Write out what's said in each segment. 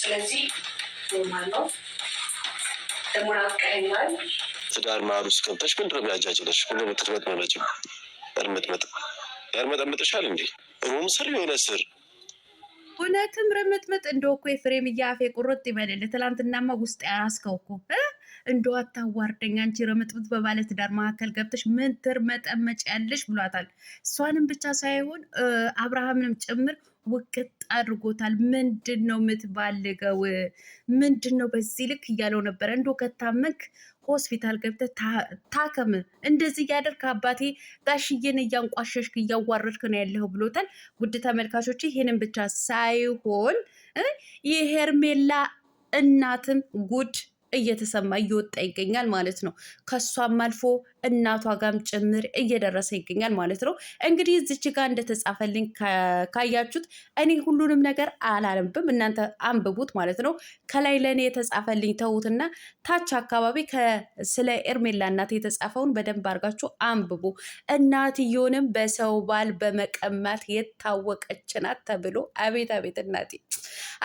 ስለዚህ ኖርማል ነው። ደሞን አቀኛል ትዳር ማር ውስጥ ገብተሽ ምንድን ነው የሚያጃጅለሽ? ምነው የምትመጥመመጭ? እርምጥምጥ ያርመጠምጥሻል እንዴ? ሮም ስር የሆነ ስር እውነትም ርምጥምጥ እንደው እኮ የፍሬም እያፌ ቁርጥ ይበልል። ትላንትናማ ውስጥ ያስከው እኮ እንደው አታዋርደኛ አንቺ ርምጥምጥ በባለ ትዳር መካከል ገብተሽ ምን ትርመጠመጭ ያለሽ ብሏታል። እሷንም ብቻ ሳይሆን አብርሃምንም ጭምር ውቅጥ አድርጎታል። ምንድን ነው የምትባልገው? ምንድን ነው በዚህ ልክ እያለው ነበረ። እንዶ ከታመክ ሆስፒታል ገብተህ ታከም፣ እንደዚህ እያደርክ አባቴ ጋሽዬን እያንቋሸሽክ እያዋረድክ ነው ያለው ብሎታል። ውድ ተመልካቾች ይህንን ብቻ ሳይሆን ይሄ ሄርሜላ እናትም ጉድ እየተሰማ እየወጣ ይገኛል ማለት ነው። ከሷም አልፎ እናቷ ጋም ጭምር እየደረሰ ይገኛል ማለት ነው። እንግዲህ እዚች ጋር እንደተጻፈልኝ ካያችሁት እኔ ሁሉንም ነገር አላነብም፣ እናንተ አንብቡት ማለት ነው። ከላይ ለእኔ የተጻፈልኝ ተዉትና ታች አካባቢ ስለ ኤርሜላ እናት የተጻፈውን በደንብ አድርጋችሁ አንብቡ። እናትየውንም በሰው ባል በመቀማት የታወቀች ናት ተብሎ አቤት አቤት! እናቴ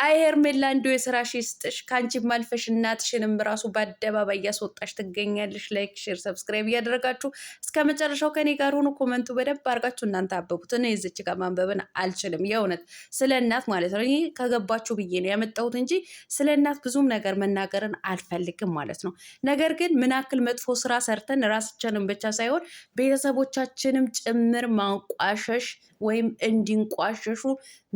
አይ ኤርሜላ እንዲሁ የስራሽ ይስጥሽ፣ ከአንቺ ማልፈሽ እናትሽንም ራሱ በአደባባይ እያስወጣሽ ትገኛለች ላይክ፣ ሼር፣ ሰብስክራይብ እያደረጋችሁ እስከ መጨረሻው ከኔ ጋር ሆኑ። ኮመንቱ በደንብ አድርጋችሁ እናንተ አበቡት። እኔ እዚች ጋር ማንበብን አልችልም፣ የእውነት ስለ እናት ማለት ነው። ይህ ከገባችሁ ብዬ ነው ያመጣሁት እንጂ ስለ እናት ብዙም ነገር መናገርን አልፈልግም ማለት ነው። ነገር ግን ምናክል መጥፎ ስራ ሰርተን ራሳችንን ብቻ ሳይሆን ቤተሰቦቻችንም ጭምር ማንቋሸሽ ወይም እንዲንቋሸሹ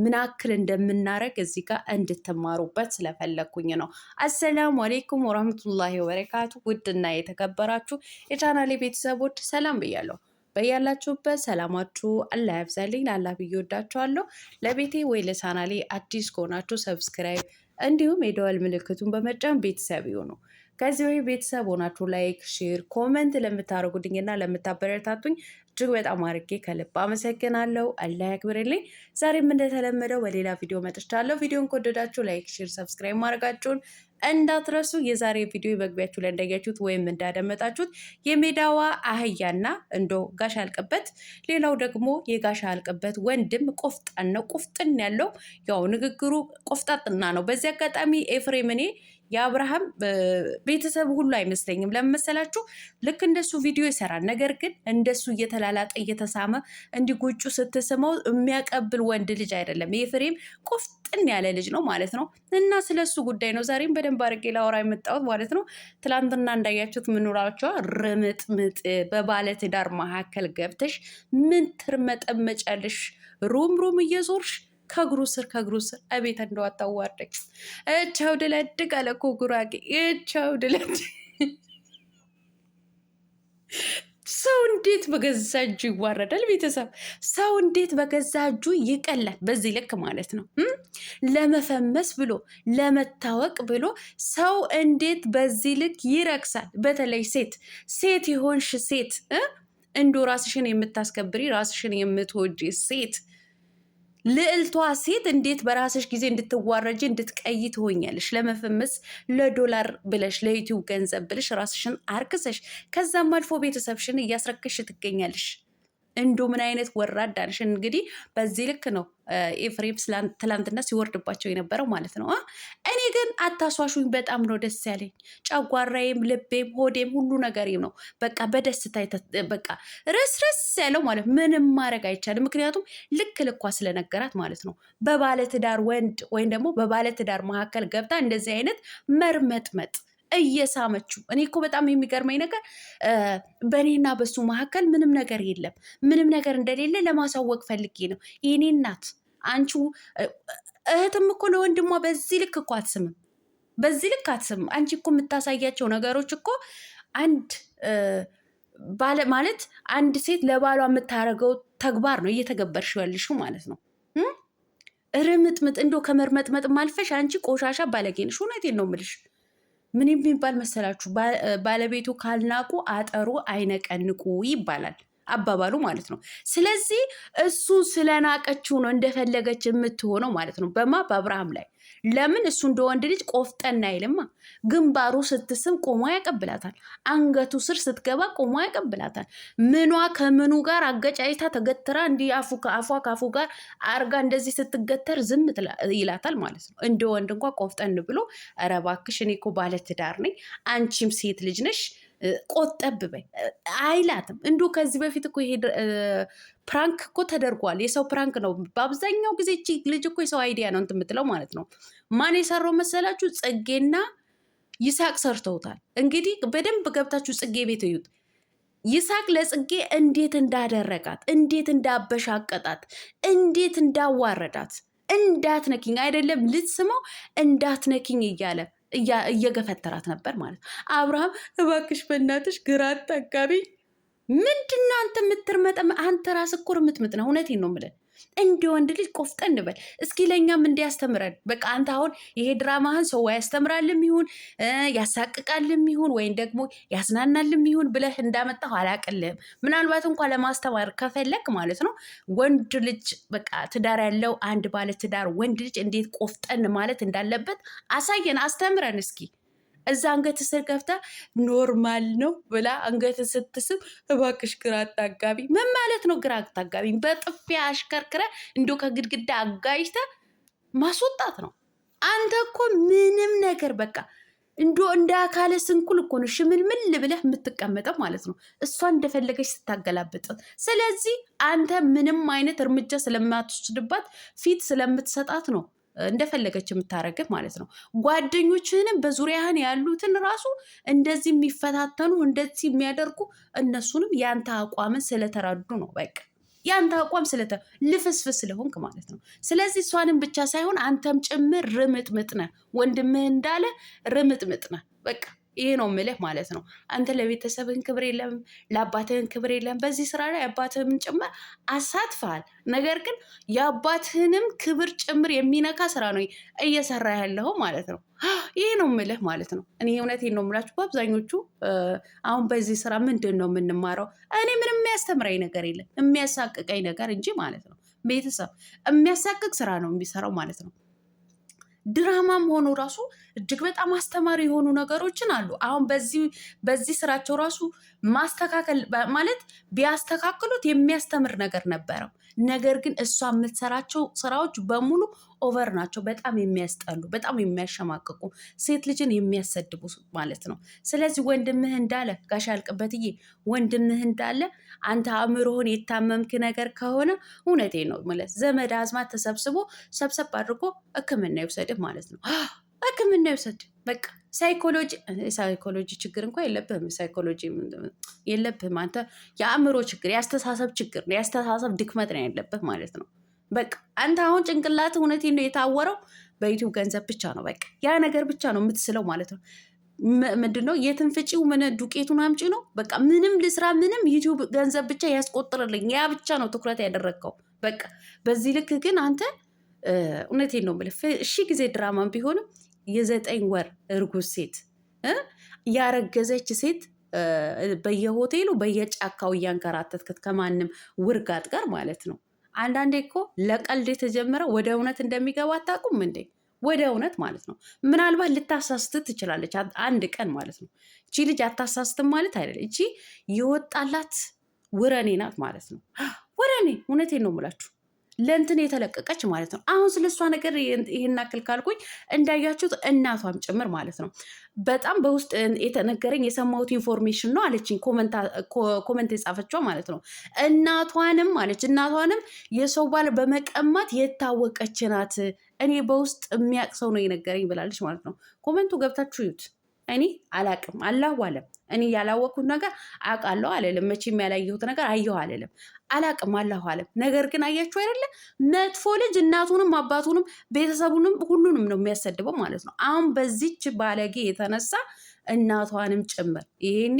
ምናክል እንደምናረግ እዚህ ጋር እንድትማሩበት ስለፈለግኩኝ ነው። አሰላሙ አሌይኩም ወራህመቱላሂ ወበረካቱ። ውድና የተከበራችሁ የቻናሌ ቤተሰቦች ሰላም ብያለሁ። በያላችሁበት ሰላማችሁ አላህ ያብዛልኝ። ላላህ ብዬ ወዳችኋለሁ። ለቤቴ ወይ ለቻናሌ አዲስ ከሆናችሁ ሰብስክራይብ እንዲሁም የደወል ምልክቱን በመጫን ቤተሰብ ይሁኑ። ከዚህ ወይ ቤተሰብ ሆናችሁ ላይክ፣ ሼር፣ ኮመንት ለምታደርጉልኝና ለምታበረታቱኝ እጅግ በጣም አርጌ ከልብ አመሰግናለሁ። አላህ ያክብርልኝ። ዛሬም እንደተለመደው በሌላ ቪዲዮ መጥቻለሁ። ቪዲዮን ከወደዳችሁ ላይክ፣ ሼር፣ ሰብስክራይብ ማድረጋችሁን እንዳትረሱ። የዛሬ ቪዲዮ በግቢያችሁ ላይ እንዳያችሁት ወይም እንዳደመጣችሁት የሜዳዋ አህያና እንዶ ጋሽ አልቅበት፣ ሌላው ደግሞ የጋሽ አልቅበት ወንድም ቆፍጣን ነው። ቁፍጥን ያለው ያው ንግግሩ ቆፍጣጥና ነው። በዚህ አጋጣሚ ኤፍሬም እኔ የአብርሃም ቤተሰብ ሁሉ አይመስለኝም። ለምን መሰላችሁ? ልክ እንደሱ ቪዲዮ ይሰራል፣ ነገር ግን እንደሱ እየተላ እያላጠ እየተሳመ እንዲህ ጉጩ ስትስመው የሚያቀብል ወንድ ልጅ አይደለም። ኤፍሬም ቆፍጥን ያለ ልጅ ነው ማለት ነው። እና ስለ እሱ ጉዳይ ነው ዛሬም በደንብ አድርጌ ላወራ የመጣሁት ማለት ነው። ትላንትና እንዳያችሁት ምኑራቸዋ ርምጥምጥ በባለትዳር መካከል ገብተሽ ምን ትርመጠመጫለሽ? ሩም ሩም እየዞርሽ ከእግሩ ስር ከእግሩ ስር አቤት እንደዋታዋርደች እቻው ድለድግ አለ ጉራጌ እቻው ድለድግ ሰው እንዴት በገዛ እጁ ይዋረዳል? ቤተሰብ ሰው እንዴት በገዛ እጁ ይቀላል? በዚህ ልክ ማለት ነው። ለመፈመስ ብሎ ለመታወቅ ብሎ ሰው እንዴት በዚህ ልክ ይረክሳል? በተለይ ሴት ሴት የሆንሽ ሴት እንዶ ራስሽን የምታስከብሪ ራስሽን የምትወጂ ሴት ልዕልቷ ሴት እንዴት በራስሽ ጊዜ እንድትዋረጅ እንድትቀይ ትሆኛለሽ? ለመፈመስ ለዶላር ብለሽ ለዩቲዩብ ገንዘብ ብለሽ ራስሽን አርክሰሽ ከዛም አልፎ ቤተሰብሽን እያስረክሽ ትገኛለሽ። እንዶ ምን አይነት ወራዳ ነሽ? እንግዲህ በዚህ ልክ ነው ኤፍሬም ትላንትና ሲወርድባቸው የነበረው ማለት ነው። እኔ ግን አታሷሹኝ፣ በጣም ነው ደስ ያለኝ። ጨጓራዬም፣ ልቤም፣ ሆዴም ሁሉ ነገሬም ነው በቃ በደስታ በቃ ረስረስ ያለው ማለት ምንም ማድረግ አይቻልም። ምክንያቱም ልክ ልኳ ስለነገራት ማለት ነው። በባለትዳር ወንድ ወይም ደግሞ በባለትዳር መካከል ገብታ እንደዚህ አይነት መርመጥመጥ እየሳመችው እኔ እኮ በጣም የሚገርመኝ ነገር በእኔና በሱ መካከል ምንም ነገር የለም። ምንም ነገር እንደሌለ ለማሳወቅ ፈልጌ ነው የኔ እናት አንቺ እህትም እኮ ለወንድሟ በዚህ ልክ እኮ አትስምም፣ በዚህ ልክ አትስምም። አንቺ እኮ የምታሳያቸው ነገሮች እኮ አንድ ባለ ማለት አንድ ሴት ለባሏ የምታደርገው ተግባር ነው እየተገበርሽ ያልሽው ማለት ነው። ርምጥምጥ እንዶ ከመርመጥመጥ ማልፈሽ አንቺ ቆሻሻ ባለጌንሽ። እውነቴን ነው የምልሽ። ምን የሚባል መሰላችሁ? ባለቤቱ ካልናቁ አጠሩ አይነቀንቁ ይባላል። አባባሉ ማለት ነው። ስለዚህ እሱ ስለናቀችው ነው እንደፈለገች የምትሆነው ማለት ነው። በማ በአብርሃም ላይ ለምን እሱ እንደ ወንድ ልጅ ቆፍጠን አይልማ። ግንባሩ ስትስም ቆሞ ያቀብላታል። አንገቱ ስር ስትገባ ቆሞ ያቀብላታል። ምኗ ከምኑ ጋር አገጫይታ ተገትራ እንዲህ አፉ ከአፏ ጋር አርጋ እንደዚህ ስትገተር ዝም ይላታል ማለት ነው። እንደ ወንድ እንኳ ቆፍጠን ብሎ ኧረ እባክሽ እኔ እኮ ባለትዳር ነኝ፣ አንቺም ሴት ልጅ ነሽ ቆጠብ በይ አይላትም። እንዱ ከዚህ በፊት እኮ ይሄ ፕራንክ እኮ ተደርጓል። የሰው ፕራንክ ነው በአብዛኛው ጊዜ። እቺ ልጅ እኮ የሰው አይዲያ ነው እንትን የምትለው ማለት ነው። ማን የሰራው መሰላችሁ? ጽጌና ይሳቅ ሰርተውታል። እንግዲህ በደንብ ገብታችሁ ጽጌ ቤት እዩት። ይሳቅ ለጽጌ እንዴት እንዳደረጋት፣ እንዴት እንዳበሻቀጣት፣ እንዴት እንዳዋረዳት፣ እንዳትነኪኝ አይደለም ልትስመው እንዳትነኪኝ እያለ እየገፈተራት ነበር ማለት ነው። አብርሃም እባክሽ በእናትሽ ግራ አታጋቢኝ ምንድን ነው አንተ የምትርመጠ አንተ ራስ እኮር ርምጥምጥ ነው። እውነቴን ነው የምልህ። እንደ ወንድ ልጅ ቆፍጠ እንበል እስኪ ለእኛም እንዲ ያስተምረን። በቃ አንተ አሁን ይሄ ድራማህን ሰው ያስተምራልም ይሁን ያሳቅቃልም ይሁን ወይም ደግሞ ያዝናናልም ይሁን ብለህ እንዳመጣሁ አላቅልህም። ምናልባት እንኳ ለማስተማር ከፈለግ ማለት ነው ወንድ ልጅ በቃ ትዳር ያለው አንድ ባለ ትዳር ወንድ ልጅ እንዴት ቆፍጠን ማለት እንዳለበት አሳየን፣ አስተምረን እስኪ እዛ አንገት ስር ከፍታ ኖርማል ነው ብላ አንገት ስትስብ፣ እባክሽ ግራ አታጋቢ። ምን ማለት ነው ግራ አታጋቢ? በጥፊያ አሽከርክረ እንዲ ከግድግዳ አጋጅተ ማስወጣት ነው። አንተ እኮ ምንም ነገር በቃ እንዶ እንደ አካለ ስንኩል እኮ ነው ሽምልምል ብለህ የምትቀመጠው ማለት ነው፣ እሷ እንደፈለገች ስታገላብጠት ስለዚህ አንተ ምንም አይነት እርምጃ ስለማትወስድባት ፊት ስለምትሰጣት ነው እንደፈለገች የምታደርግህ ማለት ነው። ጓደኞችህንም በዙሪያህን ያሉትን ራሱ እንደዚህ የሚፈታተኑ እንደዚህ የሚያደርጉ እነሱንም ያንተ አቋምን ስለተረዱ ነው። በቃ ያንተ አቋም ስለተ ልፍስፍስ ስለሆንክ ማለት ነው። ስለዚህ እሷንም ብቻ ሳይሆን አንተም ጭምር ርምጥምጥ ነህ። ወንድምህ እንዳለ ርምጥምጥ ነህ በቃ ይሄ ነው ምልህ ማለት ነው። አንተ ለቤተሰብህን ክብር የለም፣ ለአባትህን ክብር የለም። በዚህ ስራ ላይ አባትህን ጭምር አሳትፈሃል። ነገር ግን የአባትህንም ክብር ጭምር የሚነካ ስራ ነው እየሰራ ያለው ማለት ነው። ይሄ ነው ምልህ ማለት ነው። እኔ እውነቴን ነው የምላችሁ። በአብዛኞቹ አሁን በዚህ ስራ ምንድን ነው የምንማረው? እኔ ምንም የሚያስተምረኝ ነገር የለም የሚያሳቅቀኝ ነገር እንጂ ማለት ነው። ቤተሰብ የሚያሳቅቅ ስራ ነው የሚሰራው ማለት ነው። ድራማም ሆኖ ራሱ እጅግ በጣም አስተማሪ የሆኑ ነገሮችን አሉ። አሁን በዚህ በዚህ ስራቸው ራሱ ማስተካከል ማለት ቢያስተካክሉት የሚያስተምር ነገር ነበረው። ነገር ግን እሷ የምትሰራቸው ስራዎች በሙሉ ኦቨር ናቸው። በጣም የሚያስጠሉ፣ በጣም የሚያሸማቅቁ፣ ሴት ልጅን የሚያሰድቡ ማለት ነው። ስለዚህ ወንድምህ እንዳለ ጋሽ አልቅበትዬ፣ ወንድምህ እንዳለ አንተ አእምሮህን የታመምክ ነገር ከሆነ እውነቴ ነው ማለት ዘመድ አዝማት ተሰብስቦ ሰብሰብ አድርጎ ሕክምና ይውሰድህ ማለት ነው። ሕክምና ይውሰድ በቃ። ሳይኮሎጂ ሳይኮሎጂ ችግር እንኳ የለብህም። ሳይኮሎጂ የለብህም አንተ። የአእምሮ ችግር የአስተሳሰብ ችግር የአስተሳሰብ ድክመት ነው ያለብህ ማለት ነው። በቃ አንተ አሁን ጭንቅላት እውነት ነው የታወረው በዩቲዩብ ገንዘብ ብቻ ነው። በቃ ያ ነገር ብቻ ነው የምትስለው ማለት ነው። ምንድን ነው የትን ፍጪው ምን ዱቄቱን አምጪ ነው። በቃ ምንም ልስራ ምንም ዩቱብ ገንዘብ ብቻ ያስቆጥርልኝ፣ ያ ብቻ ነው ትኩረት ያደረግከው። በቃ በዚህ ልክ ግን አንተ እውነቴን ነው የምልህ፣ ሺ ጊዜ ድራማም ቢሆንም የዘጠኝ ወር እርጉዝ ሴት ያረገዘች ሴት በየሆቴሉ በየጫካው እያንከራተትክት ከማንም ውርጋት ጋር ማለት ነው። አንዳንዴ እኮ ለቀልድ የተጀመረ ወደ እውነት እንደሚገባ አታውቁም እንዴ? ወደ እውነት ማለት ነው። ምናልባት ልታሳስት ትችላለች አንድ ቀን ማለት ነው። እቺ ልጅ አታሳስትም ማለት አይደለም። እቺ የወጣላት ወረኔ ናት ማለት ነው። ወረኔ እውነቴን ነው የምላችሁ። ለእንትን የተለቀቀች ማለት ነው። አሁን ስለ እሷ ነገር ይህን አክል ካልኩኝ እንዳያችሁት እናቷም ጭምር ማለት ነው። በጣም በውስጥ የተነገረኝ የሰማሁት ኢንፎርሜሽን ነው አለችኝ፣ ኮመንት የጻፈችው ማለት ነው። እናቷንም አለች እናቷንም የሰው ባል በመቀማት የታወቀች ናት። እኔ በውስጥ የሚያቅሰው ነው የነገረኝ ብላለች ማለት ነው። ኮመንቱ ገብታችሁ ይዩት። እኔ አላቅም አላዋለም እኔ ያላወቅኩት ነገር አውቃለሁ አልልም። መቼም ያላየሁት ነገር አየሁ አልልም። አላቅም አላሁ አለም። ነገር ግን አያችሁ አይደለ መጥፎ ልጅ እናቱንም አባቱንም ቤተሰቡንም ሁሉንም ነው የሚያሰድበው ማለት ነው። አሁን በዚች ባለጌ የተነሳ እናቷንም ጭምር ይሄኔ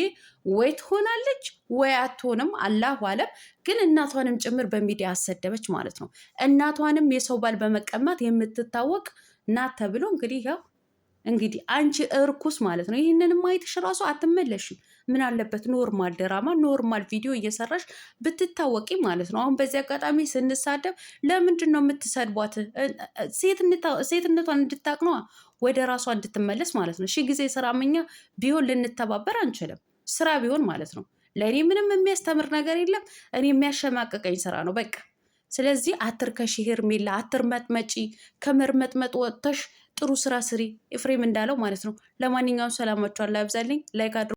ወይ ትሆናለች ወይ አትሆንም፣ አላሁ አለም። ግን እናቷንም ጭምር በሚዲያ አሰደበች ማለት ነው። እናቷንም የሰው ባል በመቀማት የምትታወቅ ናት ተብሎ እንግዲህ ያው እንግዲህ አንቺ እርኩስ ማለት ነው። ይህንን ማየትሽ ራሱ አትመለሽም። ምን አለበት ኖርማል ድራማ፣ ኖርማል ቪዲዮ እየሰራሽ ብትታወቂ ማለት ነው። አሁን በዚህ አጋጣሚ ስንሳደብ ለምንድን ነው የምትሰድቧት? ሴትነቷን እንድታቅ ነዋ፣ ወደ ራሷ እንድትመለስ ማለት ነው። ሺ ጊዜ ስራ መኛ ቢሆን ልንተባበር አንችልም። ስራ ቢሆን ማለት ነው። ለእኔ ምንም የሚያስተምር ነገር የለም። እኔ የሚያሸማቀቀኝ ስራ ነው በቃ። ስለዚህ አትርከሺ ሄርሜላ፣ አትርመጥመጪ። ከመርመጥመጥ ወጥተሽ ጥሩ ስራ ስሪ ኤፍሬም እንዳለው ማለት ነው። ለማንኛውም ሰላማችኋን ላብዛልኝ። ላይክ አድርጉ።